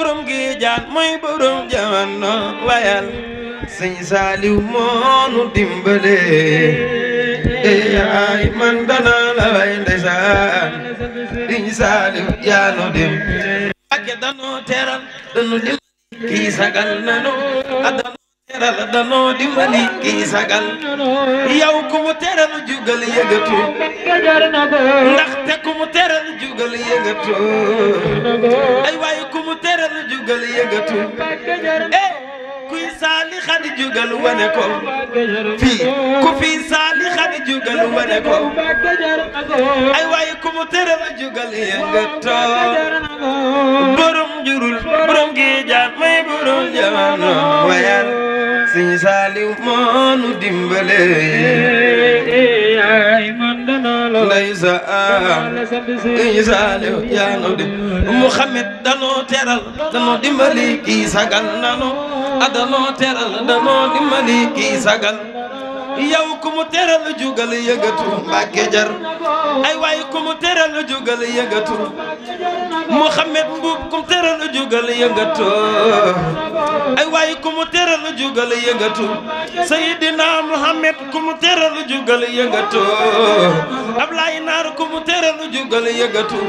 borom gi jaan mooy borom jamono wayal moonu dimbale ey man dana la way ndeysaan sëñ Saaliw yaanu dim ak danu teral danu dim kii sagal nanu teral danoo dimbali kii sagal yow ku mu teral jugal yëgatu ndaxte ku mu teral jugal yëgatu ay waaye ku mu teral jugal yëgatu eh kuy saali xadi jugal wane ko fii ku fii saali xadi jugal wane ko ay waaye ku mu teral jugal yëgatu borom jurul borom géejaan may borom jamono wayaan saaliw moonu dimbale ay man danoo la lay saaliw yaanu di Muhammad danoo teral danoo dimbali kii a danoo teral danoo dimbali kii yow ku mu teral jugal yëgatu mbàkke jar ay waay ku mu teral jugal yëgatu Muhammad Mbuub ku mu teral jugal yëgatu ay waay ku mu teral jugal yëgatu Seydina Muhammad ku mu teral jugal yëgatu Naar ku mu teral jugal yëgatu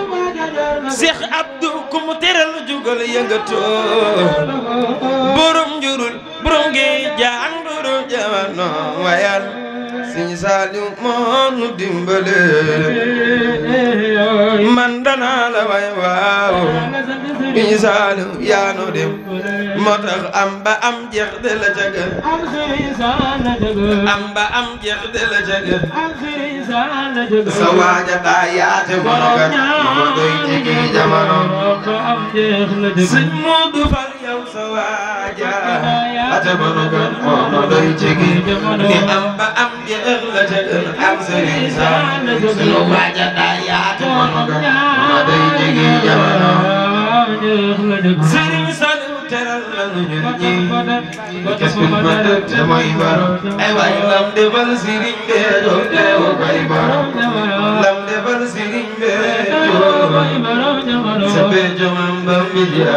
Cheikh Abdou ku mu teral jugal yëgatu borom njurul borom gi noo wayal Sëñ Saaliw moo nu dimbale man sa waaja atamanu gën moom a doy jege li am ba am di ëx la ca gën am sëriñ sax sunu waaja daa yaatu moom a gën moom a doy jege jamono sëriñ sax teral nañu ñun ñii kes bu ma dëkk te mooy baro ay waay lam defal sëriñ bee doon teewu koy baro lam defal sëriñ bee doon sa bee jomam ba mbidia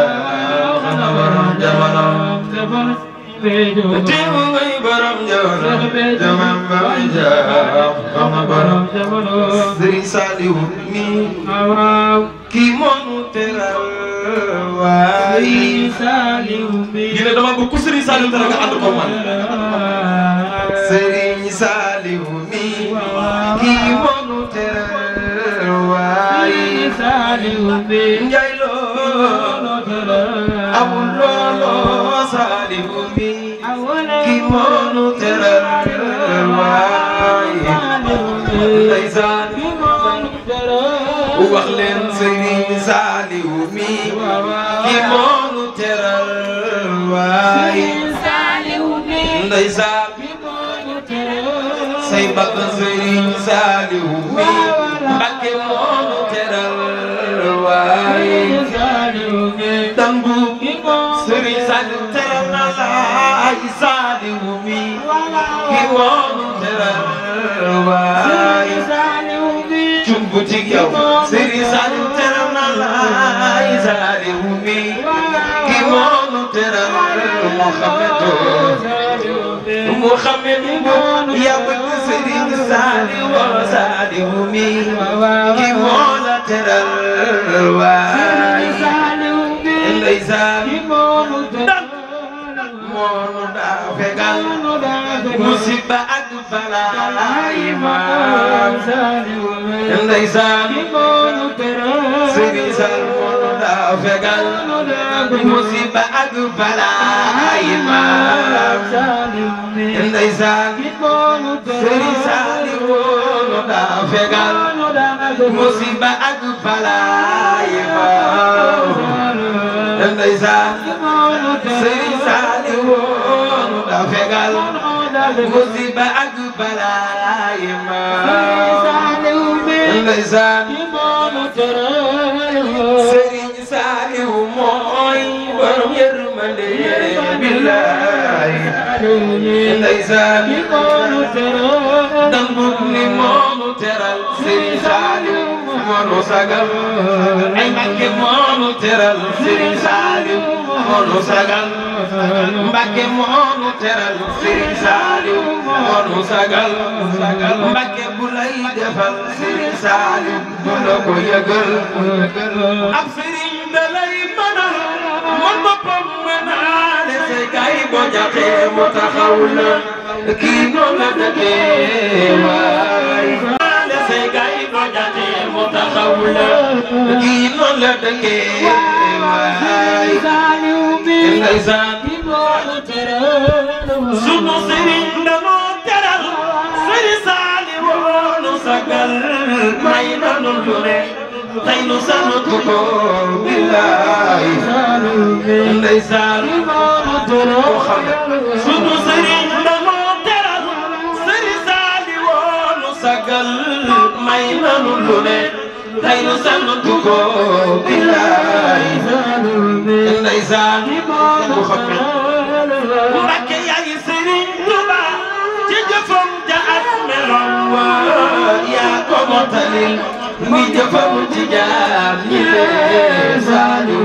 xana waroon jamono diw ngay borom jamono jaman ba muy jaar xam nga borom jamono Serigne Saliou mi kii moonu teral waaye ñu ne dama bëgg ku Serigne Saliou teral nga ànd ko man Serigne Saliou mi kii moonu teral waaye Njaay loo wax leen sëriñ Saaliwu mi ki moonu teral waay ndeysaan say yow sëriñ Sadio teral na laay saari wu mi ki moonu teral Muhammadu Muhammadu moom yaa bëgg sëriñ Sadio saari wu mi ki moona teral waay ndeysaan moonu daa fegal musiba ndeysaan moonu teral daa fegal musiba ak balaa yi maam ndeysaan daa fegal musiba ak balaa yi maam ndeysaan daa fegal musiba ak balaa yi ma ndeysaan Serigne Saliou mooy borom yërmande billaay ndeysaan dangu ni moonu teral Serigne Saliou monu sagal ay Mbàkke monu teral Serigne Saliou monu sagal Mbàkke monu teral Serigne Saliou monu sagal Mbàkke bu lay defal Serigne Saliou bu la ko yëgal ab Serigne da lay mënal mën boppam mënaale say kay boo jaxee mu taxaw la kii noonu la dëkkee waay kii noonu la dëkkee waay ndeysaan sunu sëriñ danoo teral sëriñ saali woonu sagal may nanu lu ne tey nu sant ko billaay ndeysaan koo xam ne sunu sëriñ danoo teral sëriñ saali woonu sagal may nanu lu ne xayru sànnu bu ko bilaay ndeysaan bu xamee bu rakke yaay sëriñ Tuba ko mottali mi jëfam ci jaam ñi lee saanu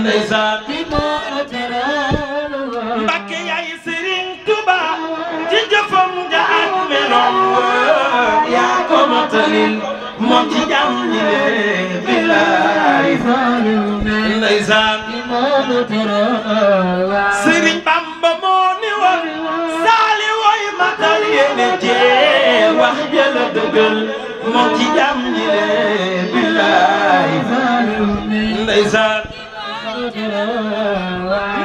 ndeysaan Mbakke yaay sëriñ Tuba ci ko mottali moom ci jàmm ñi lee bilaay ndeysaan sëriñ Bamba moo ni woon saali woy matal yéene jee wax jëla dëggal moom ci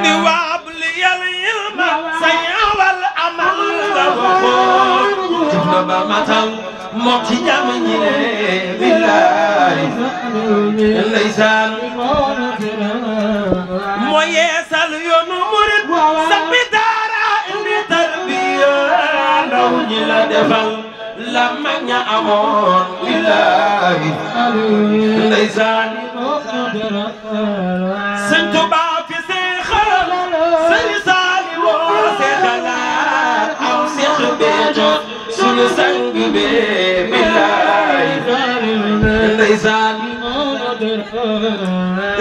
ni waab li yal ilma sañawal amal la waxoon jëf na ba matal moom ci jàmm ñi ne billaay moo yeesal yoonu murit sappi daara indi tarbiya ndaw ñi la defal la mag ña amoon billaay ndeysaan sëñ Tuubaa sunu sang bi billaay ndeysaan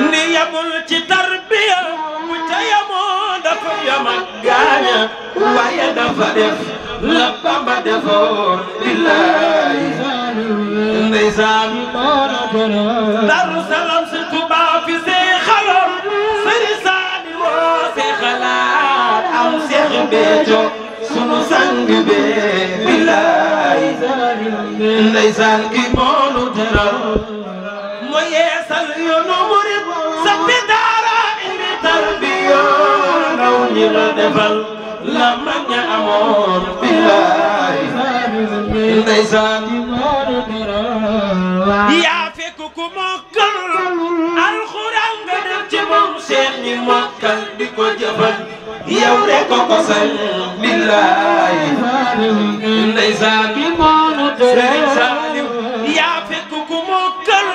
ni yamul ci tarbiya mu ca yamoo dafa yama gaaña waaye dafa def la Bamba defoon billaay ndeysaan Daaru Salaam si Tuubaa fi see xaloon sëriñ saani woo see xalaat am Seex Béthio sunu sang be billaay ndeysaan ki moonu teral mo yeesal yoonu murit sappi daara indi tarbiyo naw ñi la defal la mag ña amoon billaay ndeysaan ki moonu teral yaa fekk ku mokkal alxuraan nga def ci moom seen ñi mokkal di ko jëfal yow de ko kosal billaay ndeysaan sëriñ Saliou yaa fekk ku mokkal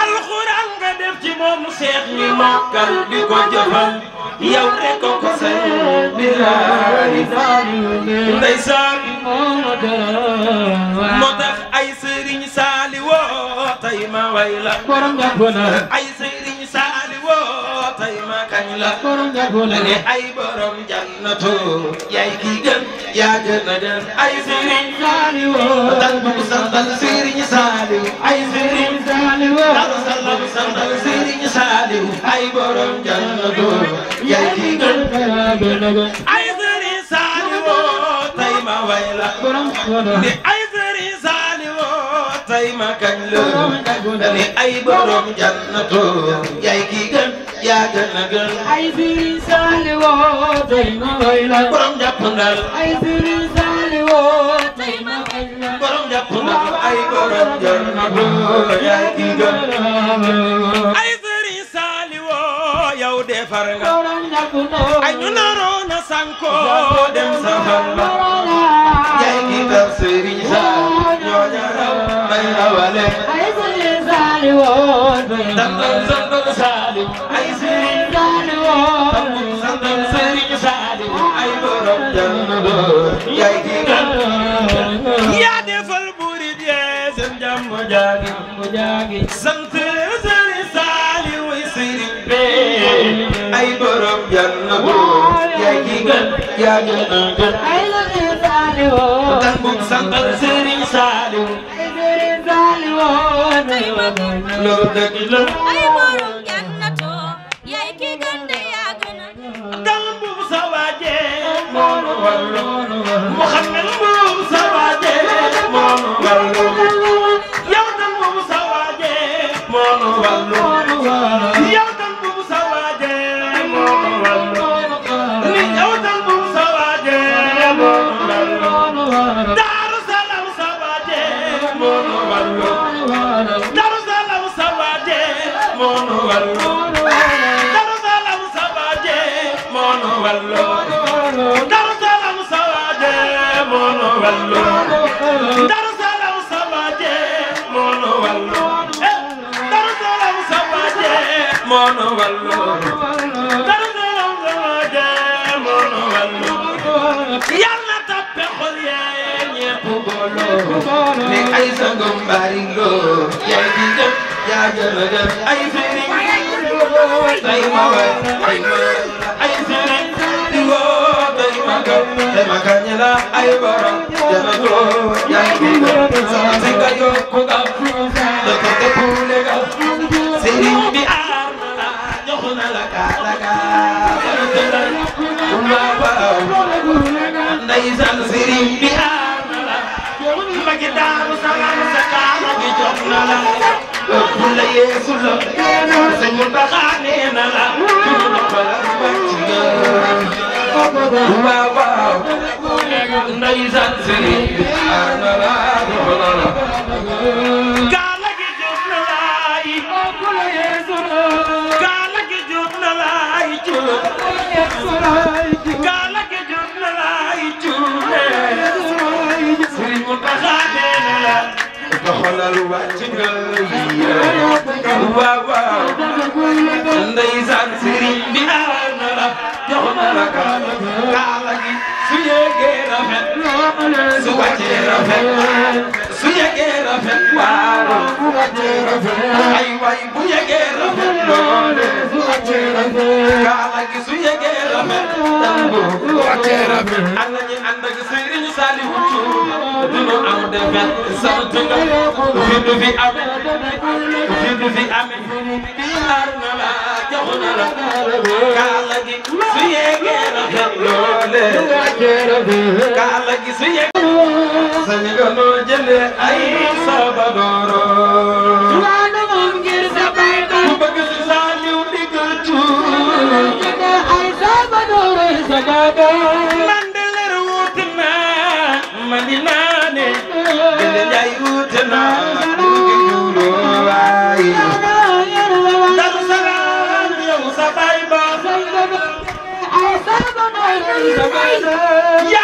alxuraan nga def ci moom seex mi mokkal di ko jëfal yow de ko kosal billaay ndeysaan moo tax ay sëriñ Saliou woo tey ma way la ay sëriñ kañ la lale ay borom jannatu yaay ki gën yaa gën a gën ay sëriñ saaliwo dal bu santal sëriñ saaliw ay sëriñ saaliw dal sallam santal ay borom jannatu yaay ki gën a ay sëriñ saaliwo tay ma way la borom ay mbay ma kañ la dani ay borom jannatu yaay ki gën yaa gën a gën ay sëriñ saali woo tey ma way la borom jàppandal ay sëriñ saali woo tey ma way la borom jàppandal ay borom jannatu yaay ki gën ay sëriñ saali woo yow defar nga ay ñu na sanko sa ñoo ñaram wale ay sëriñ saali woon dambal sandal saali ay sëriñ saali woon dambal sandal sëriñ saali ay borom janna door yaa ngi gën yaa gën a gën. ay la gën Saliou. kan moom sangal Serigne Saliou. ay Serigne Saliou. loolu dëgg la. ay borom jannatoo. yaa ngi gën de yaa gën a. kan moom sa waajee. moom wàllu. mu xam ne moom sa waajee. moom wàllu. Eh, ay sëriñ ay sëriñ ay sëriñ dema kañela ay borom dema ko yaay bi sama singa yokku ga da ko te puule ga sëriñ bi aar na la jox na la ka la ka sama tëral umma baraw nday san sëriñ bi aar na la ma gi daaru salaam sa kaala gi jox na la ëpp la yeesu la sëñ mu taxaanee na la ku ñu noppalal wàcc nga waaw waaw ndeysaan cuub gaala gi jot cuub xoolal wàcc nga lii waaw waaw ndeysaan sëriñ bi aar na la jox na la kaala gi su yéegee rafet su wàccee rafet su yegee rafet waalo su wàccee rafet ay way bu yegee rafet loole su wàccee rafet kaala gi su yegee rafet tango su wàccee rafet ànd ñi ànd ak sëriñ Saliou Thioune du nu am defet sant nga fi du fi ame fi du fi ame diinaar na la jox na la kaala gi su yegee rafet loole su wàccee rafet kaala gi su yegee sañ nga noo jënde ay sabadooro laa na moom ngir sa bay bay ku bëgg si saaliw diggal tuur jënde ay sabadooro sa gaaba man de leer wuut naa man di naane jënde jaay wuut naa Yeah!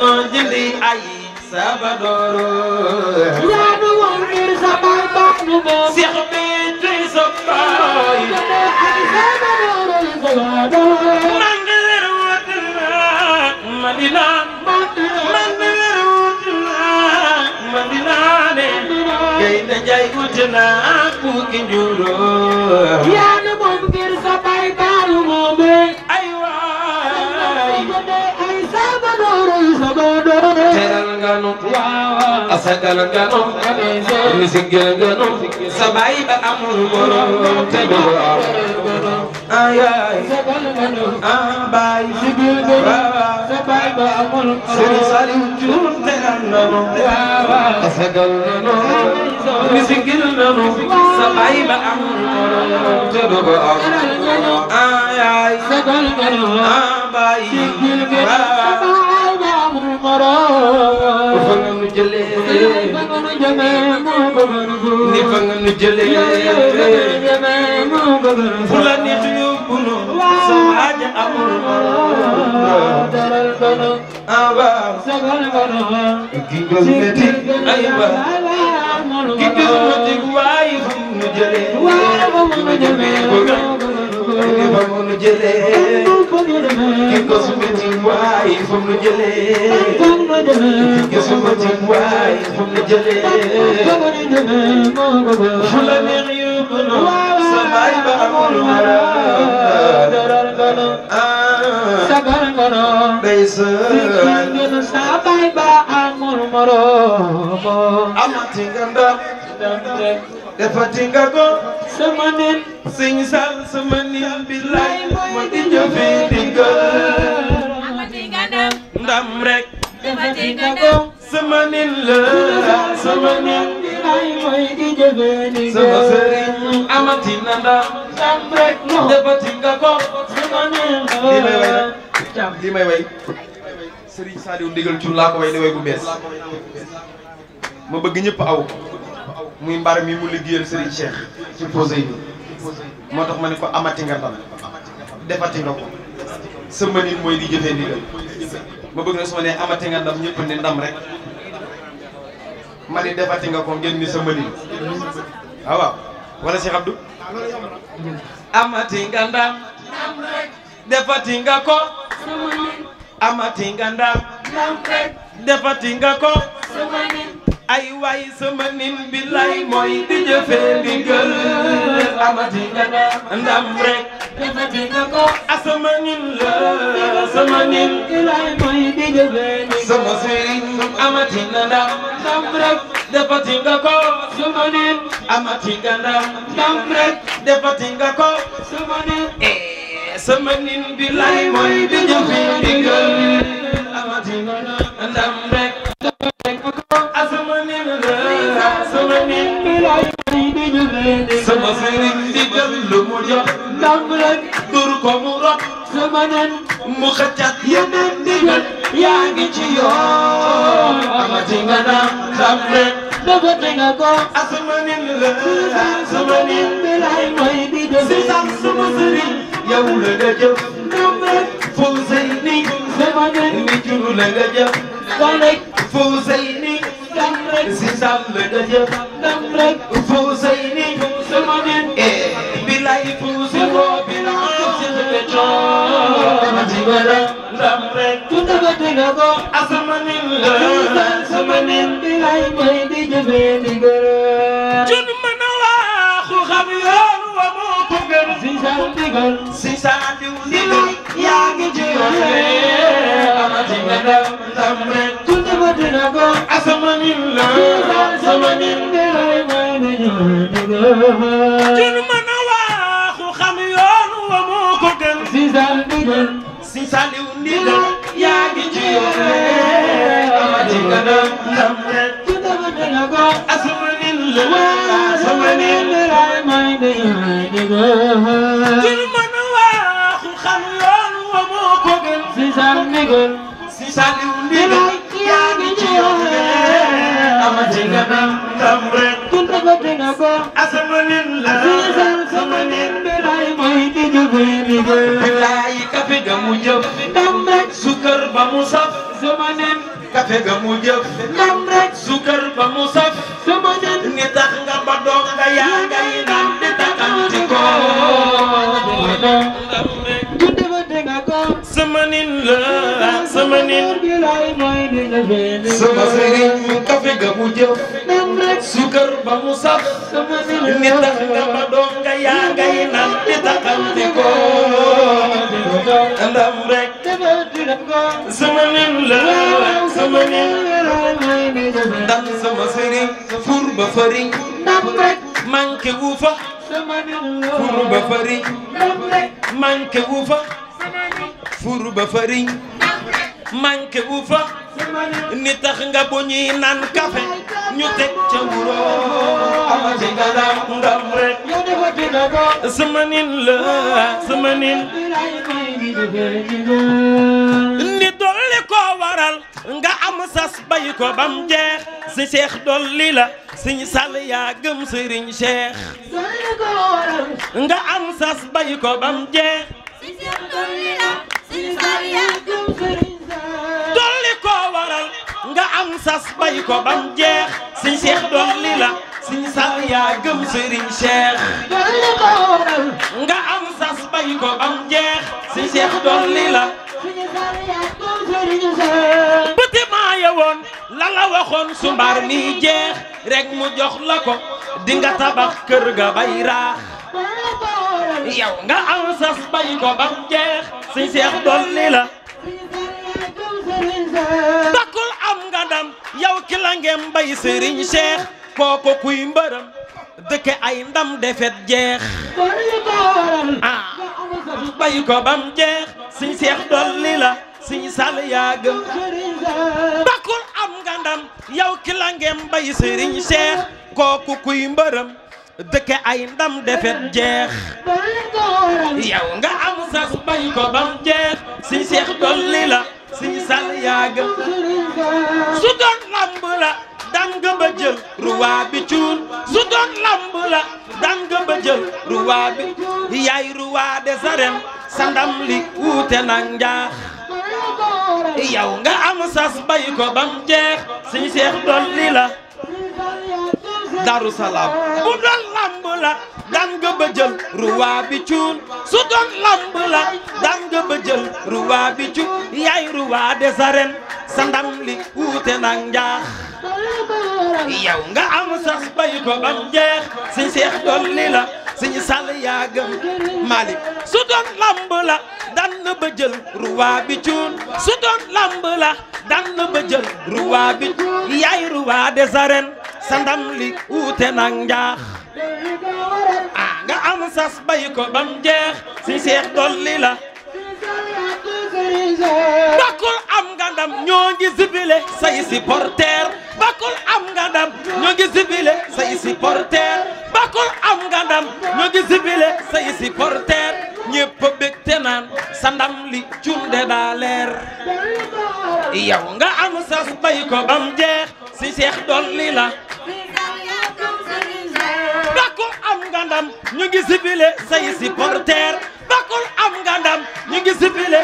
danoo jëndi ay sabadooro yaa nu woon ngir sama baax nu moom Seex bi tuy sa baay ay sabadooro sabadooro man de weer wuti naa Madina man de weer wuti naa Madina de gaynde jaay wuti naa ku ki njuróo nganu a sagal nganu ni sigil nganu sa baay ba amul morom te du am ay ay sagal nganu ah baay sigil nganu sa baay ba amul sëriñ Saliou Thioune tegal nganu a sagal nganu ni sigil nganu sa baay ba amul morom te du am ay ay sagal nganu ah baay sigil ah, nganu waral fa nga nu jëlee fa nga nu jëmee moo ko gën a góor ni fa nga nu jëlee jëmee moo ko gën a fu la nit yóbbu nu sa aaja amul daral bana aba sagal bana ki jël metti ayba ki jël metti waaye fa mu nu jëlee waaye fa mu nu jëmee kii ba mu nu jëlee kii ko suma ci waay fu mu nu jëlee kii suma ci waay fu mu nu jëlee fu la neex yóbbu na sa baay ba amul wara daral ngano sabar ngano day sëriñ sa baay ba amul moroom amati nga ndam defati nga ko sama nen sëñ Sall sama nen bi laay ma di jëfi ndigal amati nga ndam ndam rek defati nga ko sama nen la sama nen bi laay mooy di jëfi ndigal sama sëriñ amati na ndam ndam rek defati nga ko sama nen la li may way sëriñ Saliou ndigal Thioune laa ko way di way bu bees ma bëgg ñëpp aw muy mbar mi mu liggéeyal Serigne Cheikh ci posé moo tax ma ne ko amati nga tam defati nga ko sa mooy di jëfee ndigal ma bëgg na su ma nee amati nga ndam ñëpp ne ndam rek ma ni defati nga ko ngeen ni sa mënin waaw waaw wala Cheikh Abdou amati ndam defati nga ko ay waay sama nin bi lay mooy di jëfee bi lay mooy di jëfee ndam rek defati nga ko sama nin amati nga ndam ndam rek defati nga ko sama nin eh, sama nin bi lay mooy di jëfee ndigal amati nga ndam rek sama sëriñ di jël lu mu jot ndam rek dur ko mu rot sama nen mu xëccat yeneen ndigal yaa ngi ci yoon amati nga naam ndam rek dëgate nga ko asama nen la sama nen bi lay mooy di jël si sax sama sëriñ yow la nga jëf ndam rek foo sëy ni sama nen ni juru la nga jëf ndam rek Fawzayni ndam rek si sàmm a ndam rek Fawzayni sama nen eh bilay fuusi woo bilay si dëkk coono jibala ndam rek ku tëbati nga la sama nen bilay mooy di jëfee di gërëm jun a waaxu xam yoon wa moo ko gën si saa ndigal si saa dina ko asamanin la asamanin dilay may nañu kenn mën a waxu xam yoon wa moo ko gën si sal ndigal si saliw ndigal yaa ngi ci yoon amati kanam ndam rek dina ko asamanin la asamanin dilay may nañu kenn mën a waxu xam yoon wa moo ko gën si sal ndigal si saliw ndigal yaa ngi ci yoxe amati nga ndam tam rek kun amati nga ko asama nin la siisal sama nin bilaay mooy di jëfee liggéey bilaay kafe ga mu jëf tam rek sukar ba mu saf sama nin kafe ga mu jëf rek sukar ba mu saf sama ni tax nga ba doom nga yaa ngay naan di takanti mënin sama sëriñ mu kafe ga sukar ba mu saf ni tax nga ba doom yaa ngay naan di taxante ko ndam rek sama nin la sama ndax sama sëriñ fur ba fari manqué wu fa fur ba fari manqué wu fa fur ba fari manqué wu fa ni tax nga bu ñuy naan café ñu teg ca wuro amati nga dam ndam rek sama nin la sama nin dolli koo waral nga am sas bay ko bam jeex si Cheikh dolli la siñ sal yaa gëm sëriñ Cheikh nga am sas bay ko bam jeex si Cheikh dolli la siñ sal yaa gëm am sas bay ko bam jeex si seex doon li la siñ sal yaa gëm sëriñ seex dolli am sas bay ko bam la bëti maaye woon la la waxoon su jeex rek mu jox ko dinga tabax kër ga bay raax yow nga am sas bay ko bam jeex siñ seex doon la takkul am nga ndam yow ki la ngeen bay Serigne Cheikh kooku kuy mbërëm dëkke ay ndam defet jeex ah bay ko bam jeex Serigne Cheikh dolli la Serigne Sall yaa gëm takkul am nga ndam yow ki la ngeen bay Serigne Cheikh kooku kuy mbërëm dëkk ay ndam defet jeex yow nga am sas bay ko bam jeex Serigne Cheikh dolli la siñ sal yaaga su doon lamb la ba jël ruwaa bi cuun su doon lamb la ba jël ruwaa bi yaay ruwaa de saren sa ndam li wuute na njaax yow nga am sas bay ko bam jeex siñ seex dolli la daru bu doon lamb daan nga ba jël ruwaa bi cuun su doon lamb la daan nga ba ruwaa bi cuun yaay ruwaa des arènes sa ndam li wuute na njaax yow nga am sax bay ko bam jeex siñ seex la siñ sàll yaa gëm Malick su doon lamb la daan na ba ruwaa bi su doon lamb la daan na ba ruwaa bi yaay ruwaa des arènes sa ndam li wuute na njaax ah nga am sas bam jeex si seex dolli la bakul am nga ñoo ngi sibile say supporter bakul am nga ñoo ngi sibile say supporter bakul am nga ñoo ngi sibile say supporter ñépp bég te naan sa ndam li cunde daa leer yow nga am sas bam jeex si seex dolli la bakul am nga ndam ñu ngi sifile say supporter bakul am nga ñu ngi sifile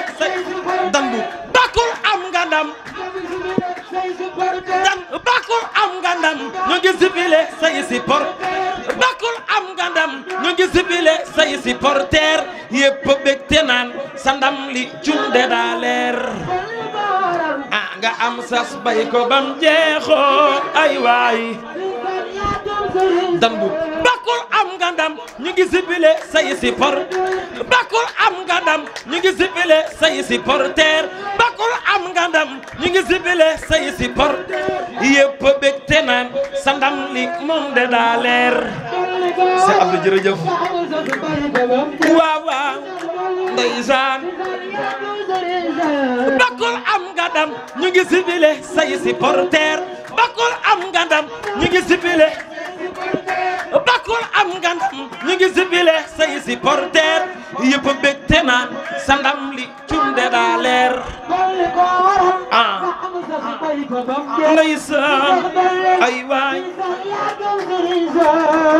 am nga ndam dan bakul am nga ndam ñu ngi sifile say te naan sa ndam li cum de leer ah nga am sas bay ko bam jeexoo ay waay dan bu bakkul am nga ndam ñu ngi sibile say si por bakkul am nga ndam ñu ngi sibile say si porter bakkul am nga ndam ñu ngi sibile say si por yëpp te naan sa ndam li moom de daa leer si Abdou jërëjëf waaw waaw ndeysaan bakul am nga ndam ñu ngi sibile say supporter bakul am nga ndam ñu ngi sibile kul am nga ndam ñu ngi sibile say supporter yëpp bég te naan sa ndam li cunde daa leer ah ndeysaan ay waay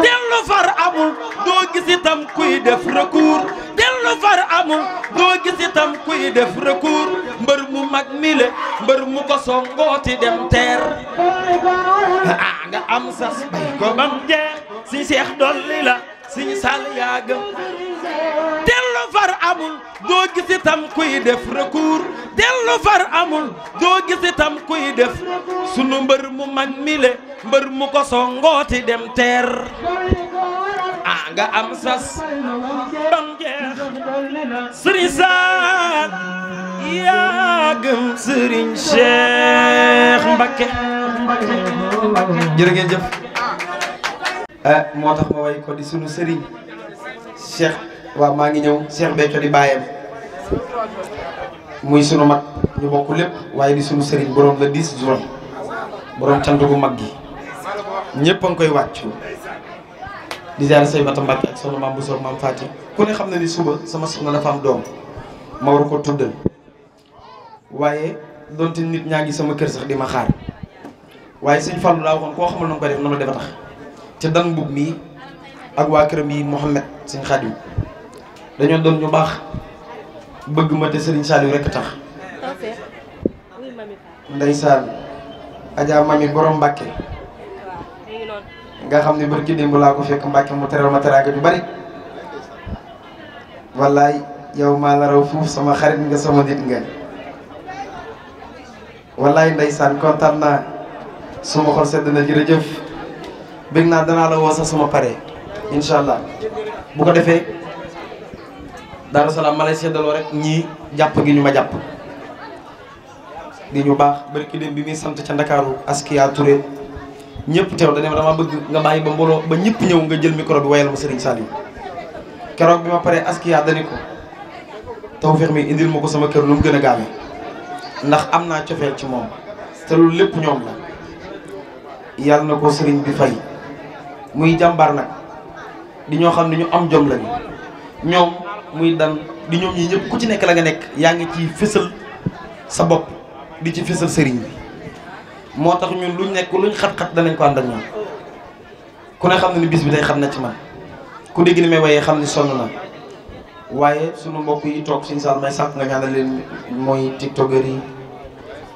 dellu far amul doo gis itam kuy def recours dellu far amul doo gis itam kuy def recours mbër mu mag mi le mbër mu ko songooti dem teer ah nga am sas bay ko bam jeex si seex dolli la si sal dellu far amul doo gis itam kuy def recours dellu far amul doo gis itam kuy def sunu mbër mu mag mi le mbër mu ko songooti dem teer ah nga am sas bam jeex sëriñ Saal yaa gëm Eh, moo tax ma way ko di sunu sëriñ Cheikh waaw maa ngi ñëw Cheikh Béthio di bàyyam muy sunu mag ñu bokk lépp waaye di suñu sëriñ boroom la 10 jours borom cant gu mag gi ñëpp a ngi koy wàcc di ziar say Mata Mbàkke ak soxna maam bu soog maam Faati ku ne xam na ni suba sama soxna dafa am doom ma war ko tuddal waaye donte nit ñaa ngi sama kër sax di ma xaar waaye suñ fàllu laa waxoon koo xamal na ko def na ma def tax ci dan mbub mi ak waa këram yi Mouhamed Sëñ Xaadim dañoo doon ñu baax bëgg ma te Serigne Saliou rekk tax ndeysaan Adja Mami borom Mbàkke nga xam ne barki démb laa ko fekk Mbàkke mu teral ma teraanga ju bari wallaay yow maa la raw fuuf sama xarit nga sama nit nga wallaay ndeysaan kontaan naa suma xol sedd na jërëjëf bëgg naa danaa la woo sax suma paree incha allah bu ko defee Daaru Salaam ma seddaloo rek ñii jàpp gi ñu ma jàpp di ñu baax barki dem bi muy sant ca Ndakaaru Askia Touré ñëpp teew dañu dama bëgg nga bàyyi ba mbooloo ba ñëpp ñëw nga jël micro bi wayal ma Serigne Saliou keroog bi ma paree Askia dañu ko tawfeex mi indil ma ko sama kër lu mu gën a gaawee ndax am naa cofeel ci moom te loolu lépp ñoom la yàlla na ko Serigne bi fay. muy jàmbaar nag di ñoo xam ne ñu am jom lañu ñoom muy dan di ñoom ñi ñëpp ku ci nekk la nga nekk yaa ngi ci fësal sa bopp di ci fësal sëriñ bi moo tax ñun lu nekk luñ xat-xat danañ ko ànd ak ñoom ku ne xam ne ni bis bi day xam na ci man ku dégg ni may waaye xam ne sonn na waaye sunu mbokk yi toog suñu saal may sàkk nga ñaanal leen mooy tiktokeur yi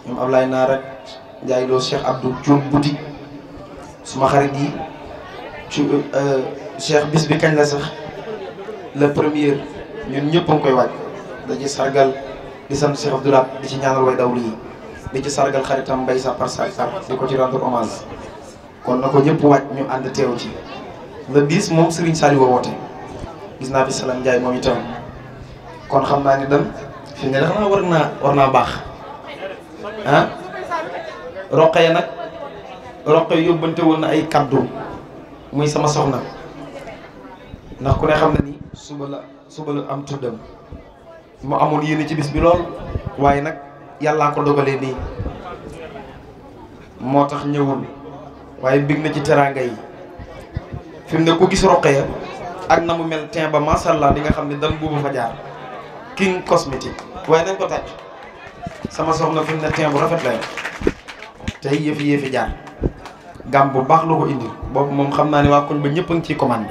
ñoom Ablaye Naar ak Ndiaye Lo Cheikh Abdou Diouf boutique suma xarit yi ci euh, Cheikh bis bi kañ la sax le première ñun ñëpp a ngi koy waaj dañuy sargal di sant du Abdoulaye di ci ñaanal way dawlu yi di ci sargal xaritam mbay sa par sa par di ko ci rendre hommage kon na ko ñëpp waaj ñu ànd teew ci le bis moom Serigne Saliou woote gis naa fi Salam Ndiaye moom itam kon xam naa ni dem fi ne dafa war naa war naa baax ah roqe nag roqe yóbbante woon na ay kàddu muy sama soxna ndax ku ne xam na ni suba la suba la am tuddam mu amoon yéene ci bis bi lool waaye nag yàllaa ko dogalee nii moo tax ñëwul waaye bég na ci teraanga yi fi mu ne ku gis roq ya ak na mu mel teen ba macha allah nga xam ne dan buubu fa jaar king cosmétique waaye nañ ko tàcc sama soxna fi ne teen bu rafet la tey yëfi yëfi jaar. gàmm bu baax loo ko indi boobu moom xam naa ni waa koñ ba ñëpp a ngi ciy commande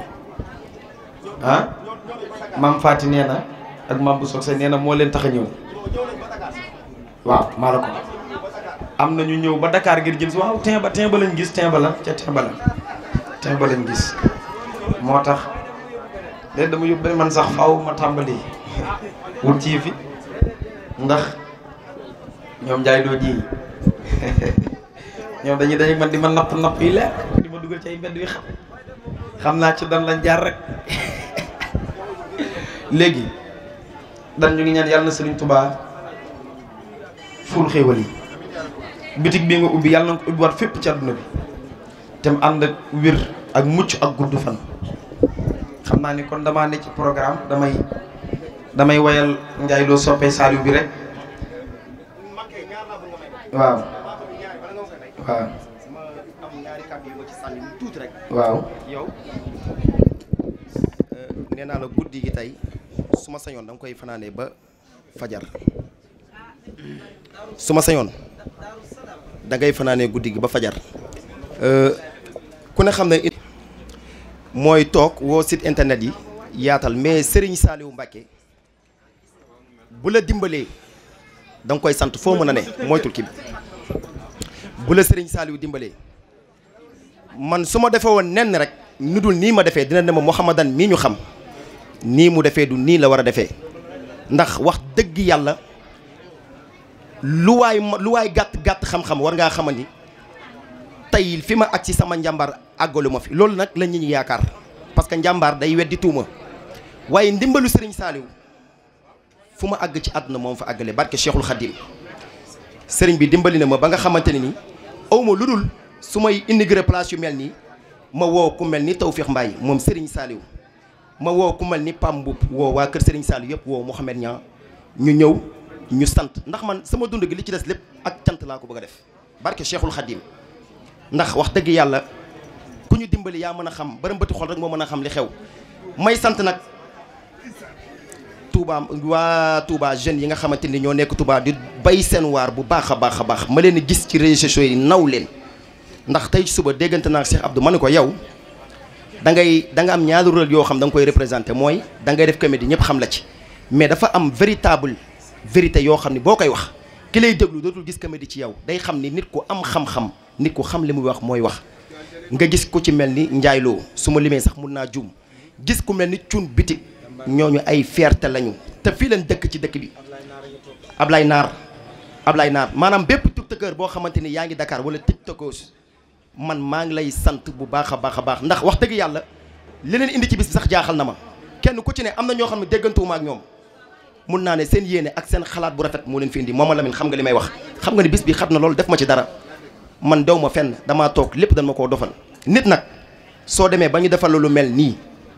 ah maam Faati nee na ak maam bu Socé nee na moo leen tax a ñëw waaw maa la am na ñu ñëw ba Dakar ngir jël si waaw tin ba tin ba lañ gis tin ba la ca tin ba la ba lañ gis moo tax léegi dama yóbbu man sax faaw ma tàmbali wut ci fi ndax ñoom jaay doo ji. ñoom dañuy dañuy man di ma napp napp yi leer li ma dugal ci ay mbedd yu xam naa ci dan lañ jaar rek léegi dan ñu ngi ñaan yàlla na Serigne Touba ful xéewal yi bitig bi nga ubbi yàlla na ko fépp ci àdduna bi te mu ànd ak wér ak mucc ak gudd fan xam naa ni kon damaa ne ci programme damay damay wayal njaay loo soppee Saliou bi rek waaw waaw. waaw yow. Euh, nee naa la guddi gi tey su ma sañoon danga koy fanaanee ba fajar su ma sañoon dangay fanaane guddi gi ba fajar. Euh, ku ne xam ne mooy toog woo site internet yi yaatal mais Serigne Saliou Mbacké bu la dimbalee da koy sant foo mën a ne moytul kii bi. bu la sëriñ Saliou dimbalee man su ma defee woon nenn rek nu dul nii ma defee dina ne ma Mouhamadan mii ñu xam nii mu defee du nii la war a defee ndax wax dëgg yàlla lu waay lu waay gàtt gàtt xam-xam war ngaa xamal ni tey fi ma ak ci sama njàmbaar àggalu ma fi loolu nag la ñu yaakaar parce que njàmbaar day weddi tuuma waaye ndimbalu sëriñ Saliou fu ma àgg ci àdduna moom fa àggale barke Cheikhul Khadim sëriñ bi dimbali na ma ba nga xamante ni nii awma lu dul su may intégré place yu mel nii ma woo ku mel ni Tawfekh Mbaye moom Serigne Saliou ma woo ku mel ni Pam Mboup woo waa kër Serigne Saliou yëpp woo Mouhamed Niang ñu ñëw ñu sant ndax man sama dund gi li ci des lépp ak cant laa ko bëgg a def barke Cheikhul Khadim ndax wax dëgg yàlla ku ñu dimbali yaa mën a xam baram bëti xol rek moo mën a xam li xew may sant nag Touba waa Touba jeunes yi nga xamante ni ñoo nekk Touba di bay seen waar bu baax a baax baax ma leen gis ci réseaux sociaux yi naw leen ndax tey suba déggante naa Cheikh Abdou ma ne ko yow da ngay da nga am ñaari rôle yoo xam da nga koy représenté mooy da ngay def comédie ñëpp xam la ci mais dafa am véritable vérité yoo xam ne boo koy wax ki lay déglu dootul gis comédie ci yow day xam ni nit ku am xam-xam nit ku xam li muy wax mooy wax nga gis ko ci mel ni njaayloo su ma limee sax mun naa juum ñooñu ay fierté lañu te fii leen dëkk ci dëkk bi Ablaye Naar lay Naar maanaam bépp tiktokeur boo xamante ni yaa ngi dakaar Dakar te tiktokos man maa ngi lay sant bu baax a baax a baax ndax wax dëgg yàlla li leen indi ci bis bi sax jaaxal na ma kenn ku ci ne am na ñoo xam ne déggantuwuma ak ñoom mun naa ne seen yéene ak seen xalaat bu rafet moo leen fi indi mooma Lamine xam nga li may wax xam nga ni bis bi xat na loolu def ma ci dara man dew ma fenn damaa toog lépp dañ koo dofal nit nag soo demee ba ñu defal lu mel nii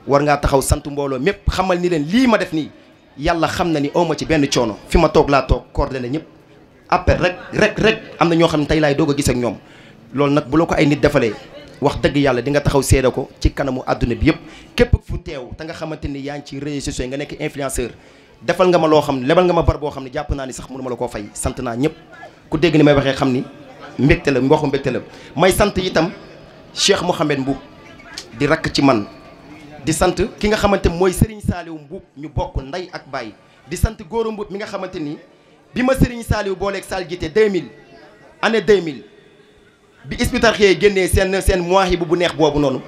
war ngaa taxaw sant mbooloo mépp xamal ni leen lii ma def nii yàlla xam na ni awma ci benn coono fi ma toog laa toog coordonné ñëpp appel rek rek rek am na ñoo xam ne tey laay doo ko gis ak ñoom loolu nag bu la ko ay nit defalee wax dëgg yàlla di nga taxaw seede ko ci kanamu àdduna bi yëpp képp fu teew te nga xamante ni yaa ngi ci réseaux sociaux yi nga nekk influenceur defal nga ma loo xam ne lebal nga ma bar boo xam ne jàpp naa ni sax mënu ma la koo fay sant naa ñëpp ku dégg ni may waxee xam ni mbégte la waxu mbégte la may sant itam Cheikh Mouhamed Mboub di rakk ci man di sant ki nga xamante mooy Serigne Saliou Mboup ñu bokk nday ak baay di sant Gora Mboup mi nga xamante ni bi ma Serigne Saliou booleeg Sall jiite 2000 année 2000 bi Hizbut-Tarqiyyah génnee seen seen mawhiba bu neex boobu noonu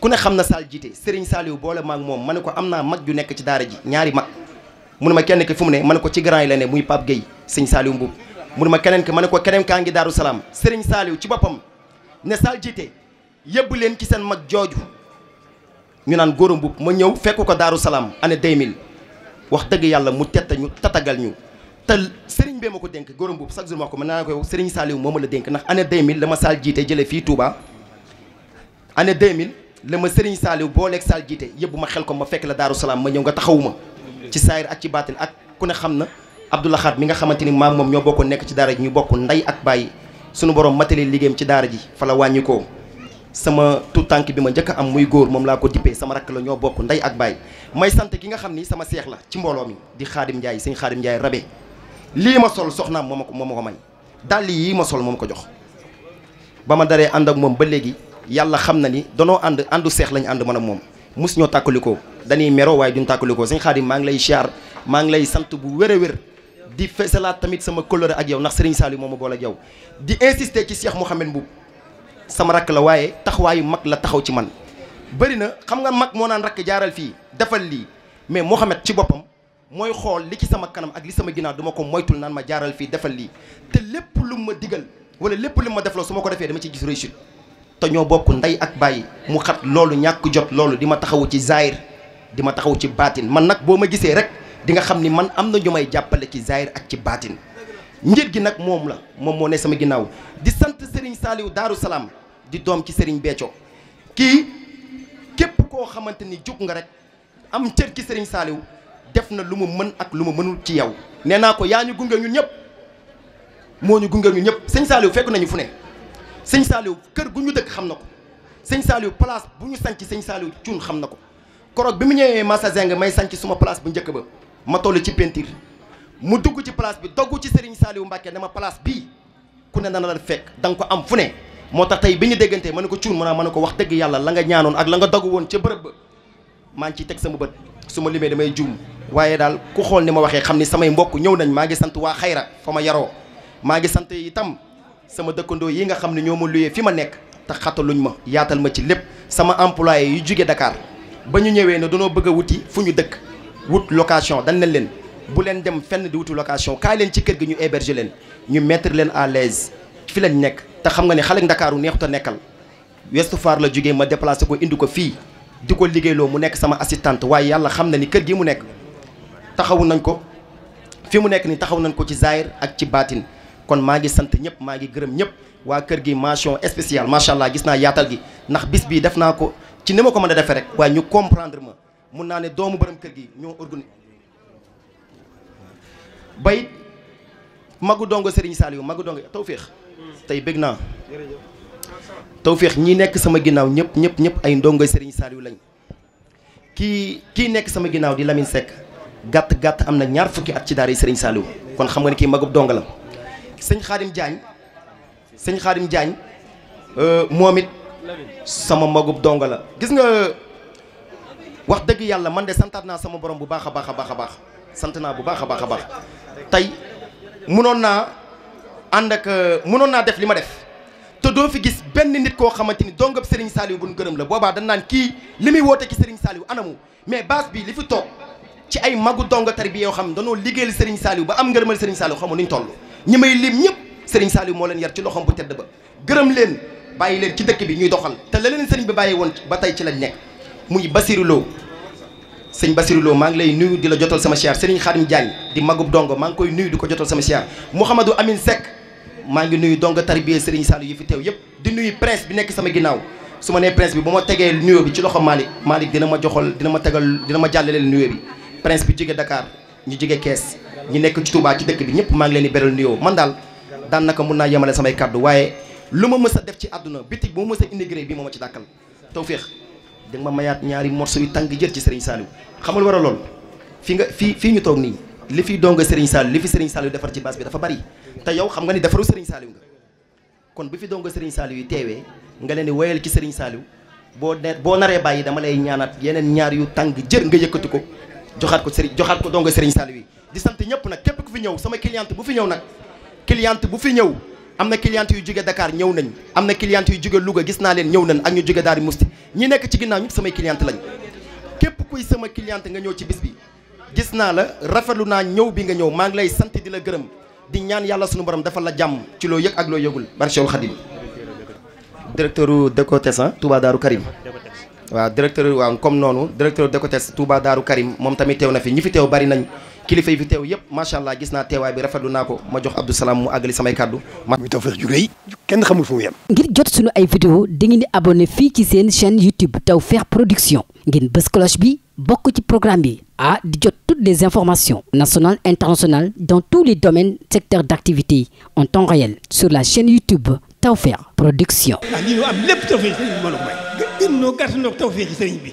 ku ne xam na Sall jiite Serigne Saliou boole maag moom ma ne ko am naa mag ju nekk ci daara ji ñaari mag mu ne ma kenn ki fu mu ne ma ne ko ci grand yi la ne muy Pape Gueye sëñ Saliou Mboup mu ne ma keneen ki ma ne ko keneen kaa ngi Daaru Salaam Serigne Saliou ci boppam ne Sall jiite yëbbu leen ci seen mag jooju. ñu naan Gora Mboup ma ñëw fekk ko Daaru Salaam année 2000 wax dëgg yàlla mu tetta ñu tatagal ñu te Serigne bee ma ko dénk Gora Mboup chaque jour ma ko mën naa ko Serigne Saliou moo ma la dénk ndax année 2000 la ma Sall jiite jëlee fii Touba année 2000 la ma Serigne Saliou booleeg Sall jiite yëpp ma xel ko ma fekk la Daaru Salaam ma ñëw nga taxawuma ci saayir ak ci baatin ak ku ne xam na Abdou Lahad mi nga xamante ni maam moom ñoo bokk nekk ci daara ji ñu bokk ndey ak bàyyi sunu borom matali liggéeyam ci daara ji fa la wàññi sama tout tànk bi ma njëkk a am muy góor moom laa ko dippee sama rakk la ñoo bokk ndey ak baay may sant ki nga xam ni sama seex la ci mbooloo mi di xaadim Ndiaye sëñ xaadim Ndiaye rabe lii ma sol soxnaam moo ma ko moo ma ko may dàll yii ma sol moo ko jox ba ma daree ànd ak moom ba léegi yàlla xam na ni danoo ànd àndu seex lañu ànd man ak moom mus ñoo tàkkalikoo dañuy mero waaye duñ tàkkalikoo sëñ xaadim maa ngi lay siyaar maa ngi lay sant bu wér a wér di fesalaat tamit sama coloré ak yow ndax Serigne Saliou moom ma boole ak yow di insister ci Cheikh Mouhamed Mboup sama rakk la waaye taxawaayu mag la taxaw ci man bëri na xam nga mag moo naan rakk jaaral fii defal lii mais moo Mouhamed ci boppam mooy xool li ci sama kanam ak li sama ginnaaw duma ko moytul naan ma jaaral fii defal lii te lépp lu ma digal wala lépp lu ma defloo su ma ko defee dama ciy gis réussite te ñoo bokk ndey ak bàyyi mu xat loolu ñàkk jot loolu di ma taxawu ci zaahir di ma taxawu ci baatin man nag boo ma gisee rek di nga xam ni man am na ñu may jàppale ci zaahir ak ci baatin njër gi nag moom la moom moo ne sama ginnaaw di sant Serigne Saliou Darou Salaam di doom ci Serigne Béthio kii képp koo xamante ni jóg nga rek am cër ci Serigne saaliw def na lu ma mën ak lu ma mënul ci yow. nee naa ko yaa ñu gunge ñu ñëpp moo ñu gunge ñu ñëpp sëñ Saliou fekk nañu fu ne sëñ Saliou kër gu ñu dëkk xam na ko sëñ Saliou place bu ñu sanc sëñ Saliou cuun xam na ko koroog bi mu ñëwee Massa Zeng may sanc suma place bu njëkk ba ma toll ci peinture. mu dugg ci place bi dogg ci Serigne Saliou Mbacké dama place bii ku ne dana la fekk danga ko am fu ne moo tax tey bi ñu déggantee ma ne ko cuun ma ne ko wax dëgg yàlla la nga ñaanoon ak la nga dogg woon ca bërëb ba maa ngi ciy teg sama bët su ma limee damay juum waaye daal ku xool ni ma waxee xam ne samay mbokk ñëw nañ maa ngi sant waa xayra fa ma yaroo maa ngi sant itam sama dëkkandoo yi nga xam ne ñoo ma luyee fi ma nekk te xataluñ ma yaatal ma ci lépp sama employé yu jóge Dakar ba ñu ñëwee ne danoo bëgg a wuti fu ñu dëkk wut location dañ leen leen bu leen dem fenn di wuti location kaay leen ci kër gi ñu héberger leen ñu mettre leen à l'aise fi lañ nekk te xam nga ne xale ndakaaru neexut nekkal Ouest Foire la jógee ma déplacé ko indi ko fii di ko liggéey loo mu nekk sama assistante waaye yàlla xam na ni kër gi mu nekk taxawu nañ ko fi mu nekk ni taxaw nañ ko ci zaahir ak ci baatin kon maa ngi sant ñëpp maa ngi gërëm ñëpp waa kër gi mention spéciale macha allah gis naa yaatal gi ndax bis bi def naa ko ci ni ma ko mën a defee rek waaye ñu comprendre ma mun naa ne doomu borom kër gi ñoo organise ba it magu dongo Serigne Saliou magu dongo tawféex tey bëgg naa tawféex ñi nekk sama ginnaaw ñëpp ñëpp ñëpp ay ndongo sëriñ saaliw lañ kii kii nekk sama ginnaaw di Lamine Seck gàtt gàtt am na ñaar fukki at ci daara Serigne Saliou kon xam nga ne kii magub dong la sëñ Xaadim jaañ sëñ Xaadim Diagne euh, moom it sama magub dong la gis nga wax dëgg yàlla man de santaat naa sama borom bu baax a baax a baax a baax sant naa bu baax a baax a baax tey munoon naa ànd ak munoon naa def li ma def te doo fi gis benn nit koo xamante ni dongab Serigne Saliou buñ gërëm la boobaa dañ naan kii li muy woote ci Serigne Saliou anamu mais base bi li fi toog ci ay magu donga tarbiya yoo xam ne danoo liggéeyal Serigne Saliou ba am ngërëmal Serigne Saliou xamu ñu toll ñu may lim ñëpp Serigne Saliou moo leen yar ci loxoom bu tedd ba gërëm leen bàyyi leen ci dëkk bi ñuy doxal te la leen Serigne bi bàyyi woon ba tey ci lañ nekk muy Basirou Lo sëñ Basirou Lo maa ngi lay nuyu di la jotal sama siyaar Serigne Khadim Diagne di magub dongo maa ngi koy nuyu du ko jotal sama siyaar Mouhamadou Amine Seck maa ngi nuyu dongo tarbiye Serigne Saliou yi fi teew yëpp di nuyu prince bi nekk sama ginnaaw su ma nee prince bi bu ma tegee nuyoo bi ci loxo Malick Malick dina ma joxal dina ma tegal dina ma jàllaleel nuyoo bi prince bi jóge Dakar ñu jóge Kees ñu nekk ci tuubaa ci dëkk bi ñëpp maa ngi leen di beral nuyoo man daal daan naka naa yemale samay kàddu waaye lu ma mës a def ci àdduna bitig bu ma mës a immigré bi ma ci dàkkal tawféex da nga ma mayaat ñaari morceau yu tàng jël ci Serigne Saliou xamul war a lool fi nga fii fii ñu toog nii li fi dong Serigne Saliou li fi Serigne Saliou defar ci base bi dafa bari te yow xam nga ni defaru Serigne Saliou nga kon bu fi dong Serigne Saliou yi teewee nga leen di woyal ci Serigne Saliou boo ne boo naree bàyyi dama lay ñaanaat yeneen ñaar yu tàng jër nga yëkkati ko joxaat ko Serigne joxaat ko dong Serigne Saliou yi di sant ñëpp nag képp ku fi ñëw sama cliente bu fi ñëw nag cliente bu fi ñëw am na client yu jóge dakaar ñëw nañ am na client yu jóge Louga gis naa leen ñëw nañ ak ñu jóge Daaru Musti ñi nekk ci ginnaaw ñëpp samay client lañ képp kuy sama client nga ñëw ci bis bi gis naa la rafetlu naa ñëw bi nga ñëw maa ngi lay sant di la gërëm di ñaan yàlla suñu borom dafa la jàmm ci loo yëg ak loo yëgul barkewul Xadim directeur Decotes ah Touba Daaru Karim waaw directeur waaw comme noonu directeur Decotes Touba Daaru Karim moom tamit na fi ñi fi bari nañ kilifa yi fi teew yëpp macha allah gis naa teewaay bi rafetlu naa ko ma jox Abdou Salam mu àggali samay kàddu. muy Tawfekh ju rëy kenn xamul fu mu ngir jot sunu ay vidéo dangeen di abonné fii ci seen chaîne YouTube Tawfekh Production ngeen bës cloche bi bokk ci programme bi ah di jot toutes les informations nationales internationales dans tous les domaines secteurs d'activité en temps réel sur la chaîne YouTube Tawfekh Production. ah lii